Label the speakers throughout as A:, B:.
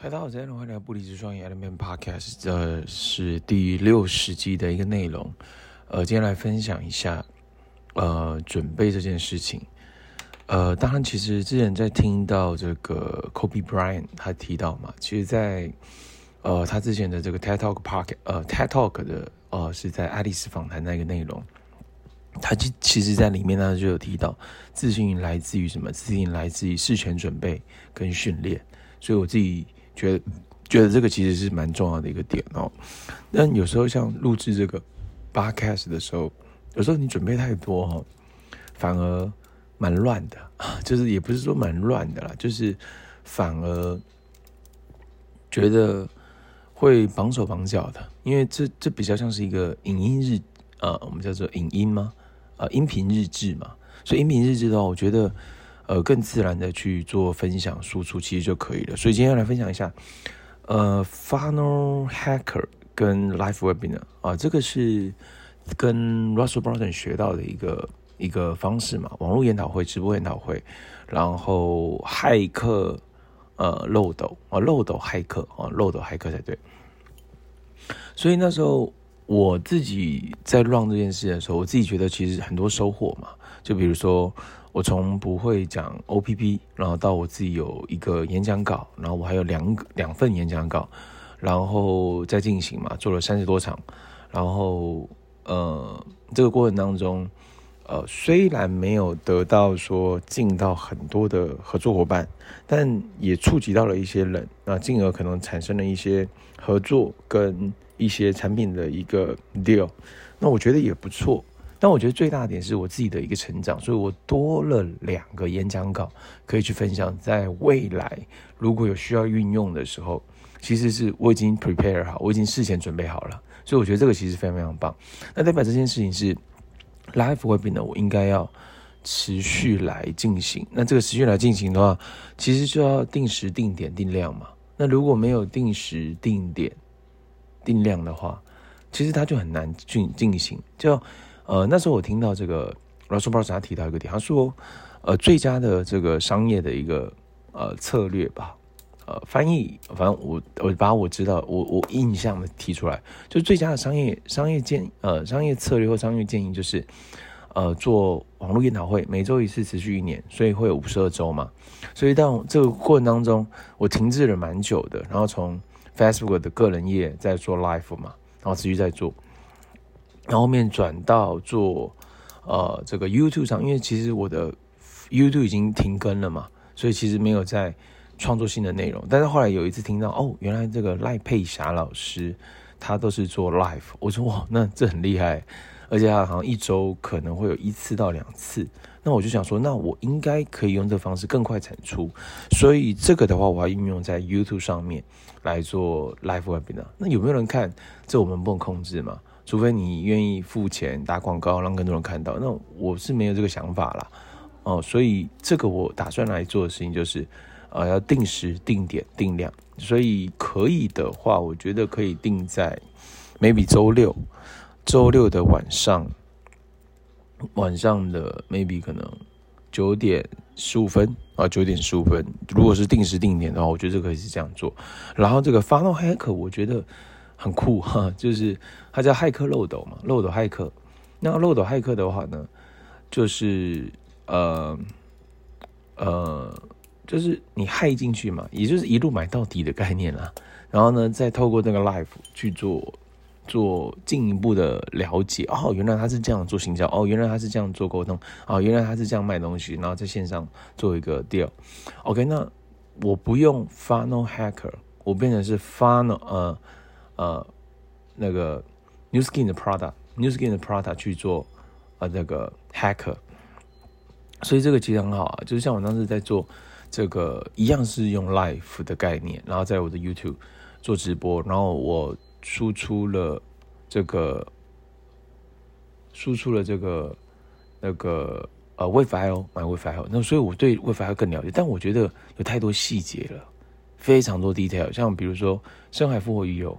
A: 大家好，我是安龍，歡迎來到不離職創業 Element Podcast。呃，是第六十集的一個內容。呃，今天來分享一下，呃，準備這件事情。呃，當然，其實之前在聽到這個 Kobe Bryant 他提到嘛，其實在呃他之前的這個 TED Talk Park 呃 TED Talk 的呃是在愛麗絲訪談那個內容，他其其實在裡面呢就有提到，自信來自於什麼？自信來自於事前準備跟訓練。所以我自己。覺得覺得這個其實是蠻重要的一個點哦。那有時候像錄製這個 podcast 的時候，有時候你準備太多哦，反而蠻亂的，就是也不是說蠻亂的啦，就是反而覺得會綁手綁腳的，因為這這比較像是一個影音日、呃、我們叫做影音嗎？啊、呃，音頻日誌嘛。所以音頻日誌的話，我覺得。呃，更自然的去做分享輸出，其實就可以了。所以今天要來分享一下，呃，Funnel Hacker 跟 Live Webinar 啊、呃，這個是跟 Russell Brunson 學到的一個一個方式嘛，網絡研討會、直播研討會，然後黑客呃漏斗啊，漏斗黑客啊，漏斗黑客、呃呃、才對。所以那時候我自己在 run 這件事的時候，我自己覺得其實很多收穫嘛。就比如說，我從不會講 OPP，然後到我自己有一個演講稿，然後我還有兩兩份演講稿，然後再進行嘛，做了三十多場，然後呃，這個過程當中，呃，雖然沒有得到說進到很多的合作夥伴，但也觸及到了一些人，那進而可能產生了一些合作跟一些產品的一個 deal，那我覺得也不錯。但我覺得最大的點是我自己的一個成長，所以我多了兩個演講稿可以去分享，在未來如果有需要運用的時候，其實是我已經 prepare 好，我已經事前準備好了，所以我覺得這個其實非常非常棒。那代表這件事情是 Live Webinar，我應該要持續來進行。那這個持續來進行的話，其實就要定時、定點、定量嘛。那如果沒有定時、定點、定量的話，其實它就很難進進行，就。呃，那時候我聽到這個 Russell Brunson 他提到一個點，他說，呃，最佳的這個商業的一個呃策略吧，呃，翻譯反正我我把我知道我我印象的提出來，就最佳的商業商業建呃商業策略或商業建議就是，呃，做網絡研討會每周一次持續一年，所以會有五十二周嘛，所以到這個過程當中我停滯了蠻久的，然後從 Facebook 的個人頁在做 Live 嘛，然後持續在做。然後面轉到做，呃，這個 YouTube 上，因為其實我的 YouTube 已經停更了嘛，所以其實沒有在創作新的內容。但是後來有一次聽到，哦，原來這個賴佩霞老師他都是做 Live，我說哇，那這很厲害，而且他好像一周可能會有一次到兩次。那我就想說，那我應該可以用這個方式更快產出。所以這個的話，我還運用在 YouTube 上面來做 Live Webinar。那有沒有人看？這我們不能控制嗎？除非你願意付錢打廣告，讓更多人看到，那我是沒有這個想法了。哦，所以這個我打算來做的事情就是，呃，要定時、定點、定量。所以可以的話，我覺得可以定在，maybe 周六，周六的晚上，晚上的 maybe 可能九點十五分啊，九點十五分。如果是定時定點的話，我覺得可以是這樣做。然後這個 Final Hacker 我覺得。很酷哈，就是它叫駭客漏斗嘛，漏斗駭客。那漏斗駭客的話呢，就是呃呃，就是你駭進去嘛，也就是一路買到底的概念啦。然後呢，再透過這個 Live 去做做進一步的了解。哦，原來他是這樣做行銷，哦，原來他是這樣做溝通，哦，原來他是這樣賣東西。然後在線上做一個 deal。OK，那我不用 Funnel Hacker，我變成是 Funnel 呃。呃，那個 New Skin 的 Product，New Skin 的 Product 去做呃那個 Hacker，所以這個其實很好啊。就是像我當時在做這個一樣，是用 Live 的概念，然後在我的 YouTube 做直播，然後我輸出了這個，輸出了這個那個呃 Wi Fi 哦，WaveIL, 買 Wi Fi 哦。那所以我對 Wi Fi 更了解，但我覺得有太多細節了，非常多 detail，像比如說深海復活魚油。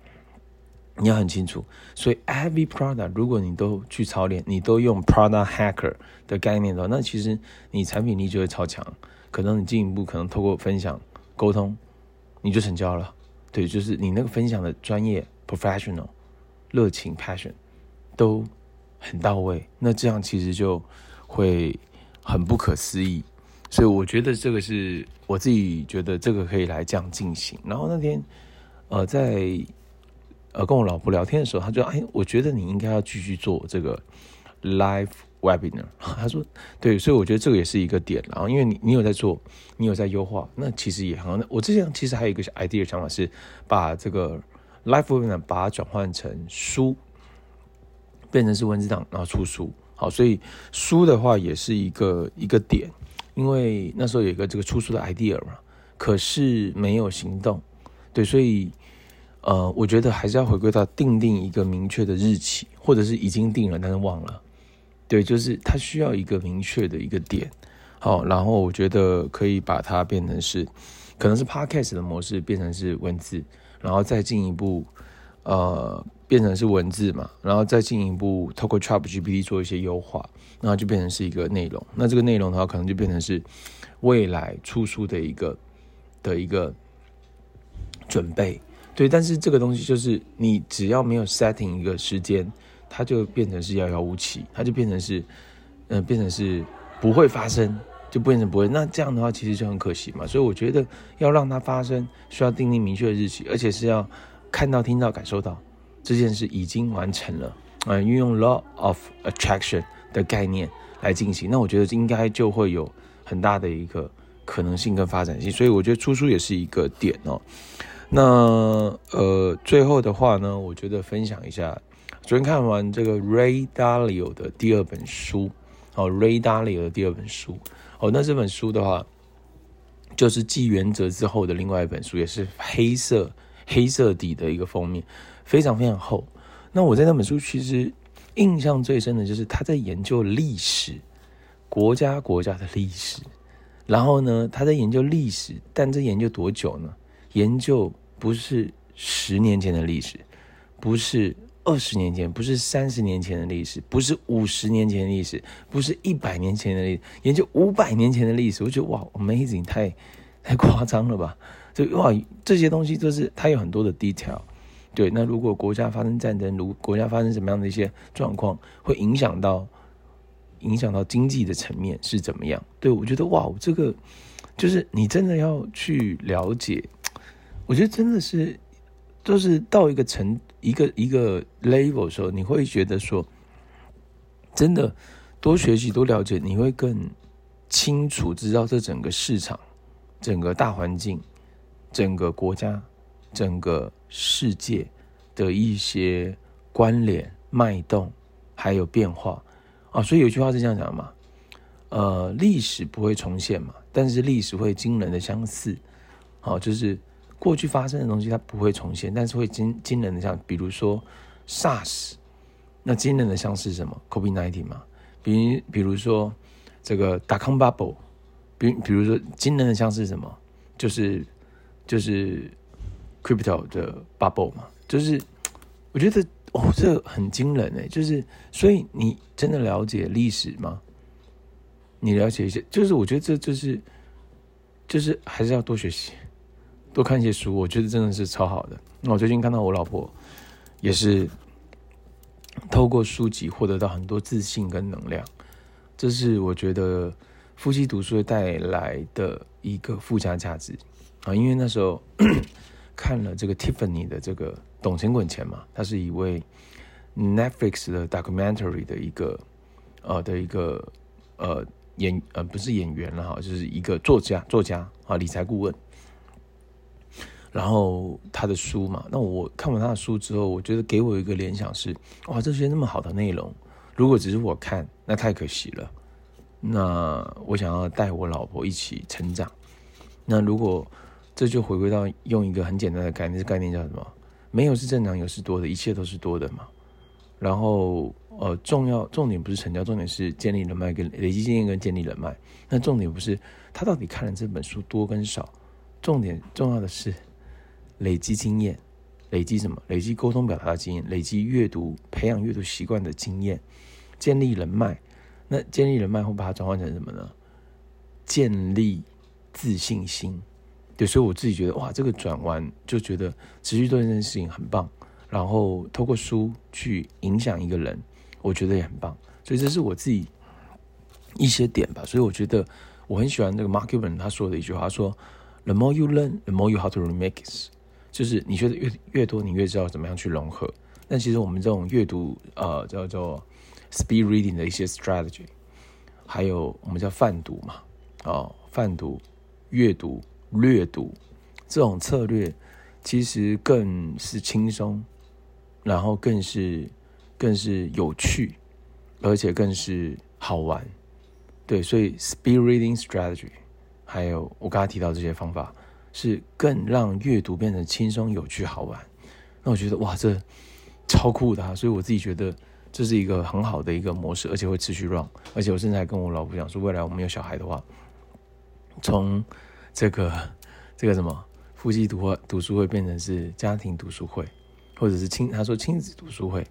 A: 你要很清楚，所以 every product 如果你都去操練，你都用 Product Hacker 的概念的話，那其實你產品力就會超強。可能你進一步可能透過分享溝通，你就成交了。對，就是你那個分享的專業 professional、熱情 passion 都很到位，那這樣其實就會很不可思議。所以我覺得這個是我自己覺得這個可以來這樣進行。然後那天呃在。呃，跟我老婆聊天的時候，她就說，哎，我覺得你應該要繼續做這個 live webinar。她說，對，所以我覺得這個也是一個點，然後因為你你有在做，你有在優化，那其實也很好。那我之前其實還有一個 idea 想法是把這個 live webinar 把它轉換成書，變成是文字檔，然後出書。好，所以書的話也是一個一個點，因為那時候有一個這個出書的 idea 嘛，可是沒有行動。對，所以。呃，我覺得還是要回歸到定定一個明確的日期，或者是已經定了，但是忘了，對，就是它需要一個明確的一個點。好，然後我覺得可以把它變成是，可能是 Podcast 的模式變成是文字，然後再進一步呃變成是文字嘛，然後再進一步透過 ChatGPT 做一些優化，然後就變成是一個內容。那這個內容的話，可能就變成是未來出書的一個的一個準備。對，但是這個東西就是你只要沒有 setting 一個時間，它就變成是遙遙無期，它就變成是，嗯、呃，變成是不會發生，就變成不會。那這樣的話其實就很可惜嘛。所以我覺得要讓它發生，需要訂立明確的日期，而且是要看到、聽到、感受到這件事已經完成了。嗯、呃，運用 law of attraction 的概念來進行，那我覺得應該就會有很大的一個可能性跟發展性。所以我覺得出書也是一個點哦。那呃，最後的話呢，我覺得分享一下，昨天看完這個 Ray Dalio 的第二本書，哦，Ray Dalio 的第二本書，哦，那這本書的話，就是繼《原則》之後的另外一本書，也是黑色黑色底的一個封面，非常非常厚。那我在那本書其實印象最深的就是他在研究歷史，國家國家的歷史，然後呢，他在研究歷史，但這研究多久呢？研究。不是十年前的歷史，不是二十年前，不是三十年前的歷史，不是五十年前的歷史，不是一百年前的歷史，研究五百年前的歷史，我覺得哇，amazing，太太誇張了吧？所以哇，這些東西就是它有很多的 detail。對，那如果國家發生戰爭，如果國家發生什麼樣的一些狀況，會影響到，影響到經濟的層面是怎麼樣？對，我覺得哇，這個就是你真的要去了解。我覺得真的是，就是到一個層、一個一個 level 的時候，你會覺得說，真的，多學習、多了解，你會更清楚知道這整個市場、整個大環境、整個國家、整個世界的一些關聯、脈動還有變化。哦，所以有句話是這樣講的嘛，呃，歷史不會重現嘛，但是歷史會驚人的相似。哦，就是。過去發生的東西，它不會重現，但是會驚，驚人的像，比如說 SARS，那驚人的像是什麼？COVID-19 嘛？比如比如說這個 Dotcom bubble，比比如說驚人的像是什麼？就是就是 Crypto 的 bubble 嘛？就是我覺得哦，這很驚人哎、欸！就是所以你真的了解歷史嗎？你了解一些？就是我覺得這就是就是還是要多學習。多看一些書，我覺得真的是超好的。那我最近看到我老婆也是透過書籍獲得到很多自信跟能量，這是我覺得夫妻讀書帶來的一個附加價值啊。因為那時候 看了這個 Tiffany 的這個《懂錢滾錢》嘛，他是一位 Netflix 的 documentary 的一個呃的一個呃演呃不是演員了哈，就是一個作家作家啊，理財顧問。然後他的書嘛，那我看完他的書之後，我覺得給我一個聯想是：哇，這些那麼好的內容，如果只是我看，那太可惜了。那我想要帶我老婆一起成長。那如果這就回歸到用一個很簡單的概念，概念叫什麼？沒有是正常，有是多的，一切都是多的嘛。然後，呃，重要重點不是成交，重點是建立人脈跟累積經驗跟建立人脈。那重點不是他到底看了這本書多跟少，重點重要的是。累積經驗，累積什麼？累積溝通表達的經驗，累積閱讀、培養閱讀習慣的經驗，建立人脈。那建立人脈會，會把它轉換成什麼呢？建立自信心。對，所以我自己覺得，哇，這個轉彎就覺得持續做這件事情很棒。然後透過書去影響一個人，我覺得也很棒。所以這是我自己一些點吧。所以我覺得我很喜歡那個 Mark Cuban 他說的一句話，說：“The more you learn, the more you have to remake it.” 就是你學的越越多，你越知道怎麼樣去融合。但其實我們這種閱讀，呃，叫做 speed reading 的一些 strategy，還有我們叫泛讀嘛，哦，泛讀、閱讀、略讀這種策略，其實更是輕鬆，然後更是更是有趣，而且更是好玩。對，所以 speed reading strategy，還有我剛才提到這些方法。是更讓閱讀變成輕鬆、有趣、好玩。那我覺得哇，這超酷的啊！所以我自己覺得這是一個很好的一個模式，而且會持續 run。而且我現在還跟我老婆講說，未來我們有小孩的話，從這個這個什麼夫妻讀讀書會變成是家庭讀書會，或者是親他說親子讀書會，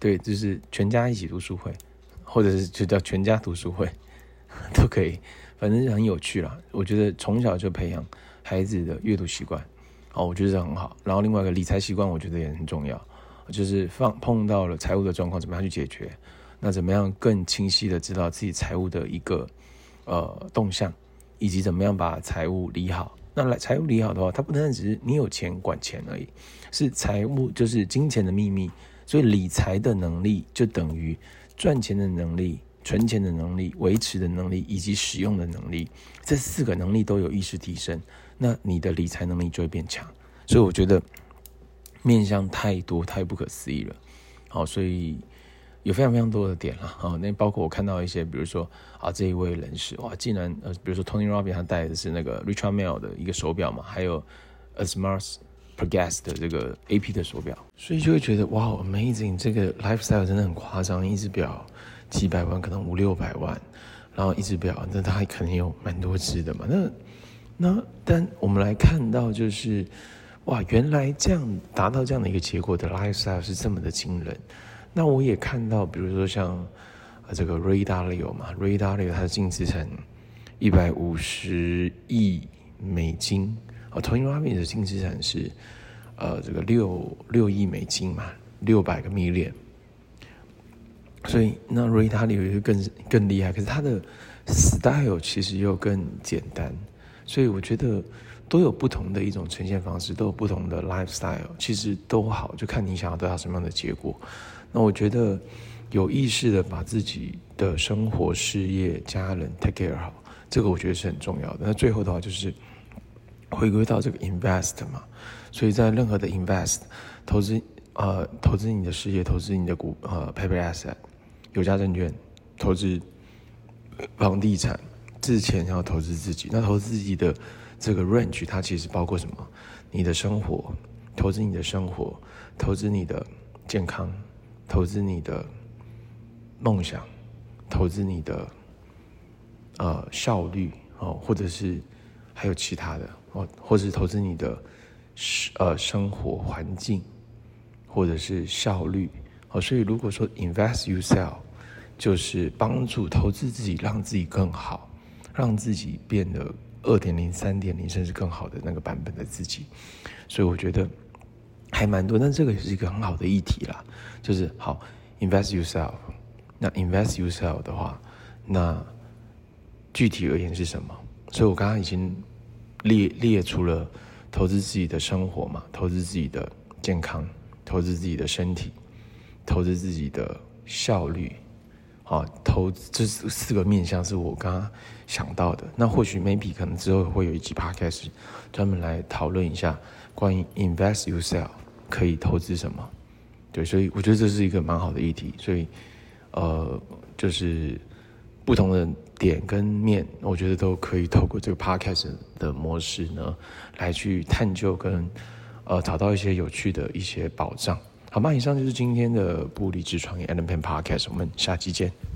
A: 對，就是全家一起讀書會，或者是就叫全家讀書會都可以，反正是很有趣了。我覺得從小就培養。孩子的閱讀習慣，哦，我覺得這很好。然後另外一個理財習慣，我覺得也很重要，就是放碰到了財務的狀況，怎麼樣去解決？那怎麼樣更清晰的知道自己財務的一個呃動向，以及怎麼樣把財務理好？那來財務理好的話，它不能只是你有錢管錢而已，是財務就是金錢的秘密。所以理財的能力就等於賺錢的能力、存錢的能力、維持的能力以及使用的能力，這四個能力都有意識提升。那你的理財能力就會變強，所以我覺得面向太多太不可思議了，好，所以有非常非常多的點了，好，那包括我看到一些，比如說啊這一位人士，哇，竟然呃，比如說 Tony Robbins 他戴的是那個 Richard Mille 的一個手表嘛，還有 Audemars Piguet 的這個 A P 的手表，所以就會覺得哇 amazing，這個 lifestyle 真的很誇張，一只表幾百萬，可能五六百萬，然後一只表，那他可能有蠻多只的嘛，那。那，但我們來看到，就是哇，原來這樣達到這樣的一個結果的 lifestyle 是這麼的驚人。那我也看到，比如說像、呃、這個瑞達利歐嘛，瑞達利歐他的淨資產一百五十億美金，啊，Tony Robbins 的淨資產是呃這個六六億美金嘛，六百個 million。所以，那瑞達利歐就更更厲害，可是他的 style 其實又更簡單。所以我覺得都有不同的一種呈現方式，都有不同的 lifestyle，其實都好，就看你想要得到什麼樣的結果。那我覺得有意識的把自己的生活、事業、家人 take care 好，這個我覺得是很重要的。那最後的話就是回歸到這個 invest 嘛，所以在任何的 invest 投資，呃，投資你的事業，投資你的股，呃，paper asset，有價證券，投資房地產。之前要投資自己，那投資自己的這個 range，它其實包括什麼？你的生活，投資你的生活，投資你的健康，投資你的夢想，投資你的呃效率哦，或者是還有其他的哦，或者是投資你的呃生活環境，或者是效率哦。所以如果說 invest yourself，就是幫助投資自己，讓自己更好。讓自己變得二點零、三點零，甚至更好的那個版本的自己，所以我覺得還蠻多。但這個也是一個很好的議題啦，就是好 invest yourself。那 invest yourself 的話，那具體而言是什麼？嗯。所以我剛剛已經列列出了投資自己的生活嘛，投資自己的健康，投資自己的身體，投資自己的效率。啊，投這四個面向是我剛剛想到的。那或許 maybe 可能之後會有一集 podcast 專門來討論一下關於 invest yourself 可以投資什麼。對，所以我覺得這是一個蠻好的議題。所以，呃，就是不同的點跟面，我覺得都可以透過這個 podcast 的模式呢，來去探究跟呃找到一些有趣的一些寶藏。好嘛，以上就是今天的不離職創業《Allen Peng Podcast》，Podcast，我們下期見。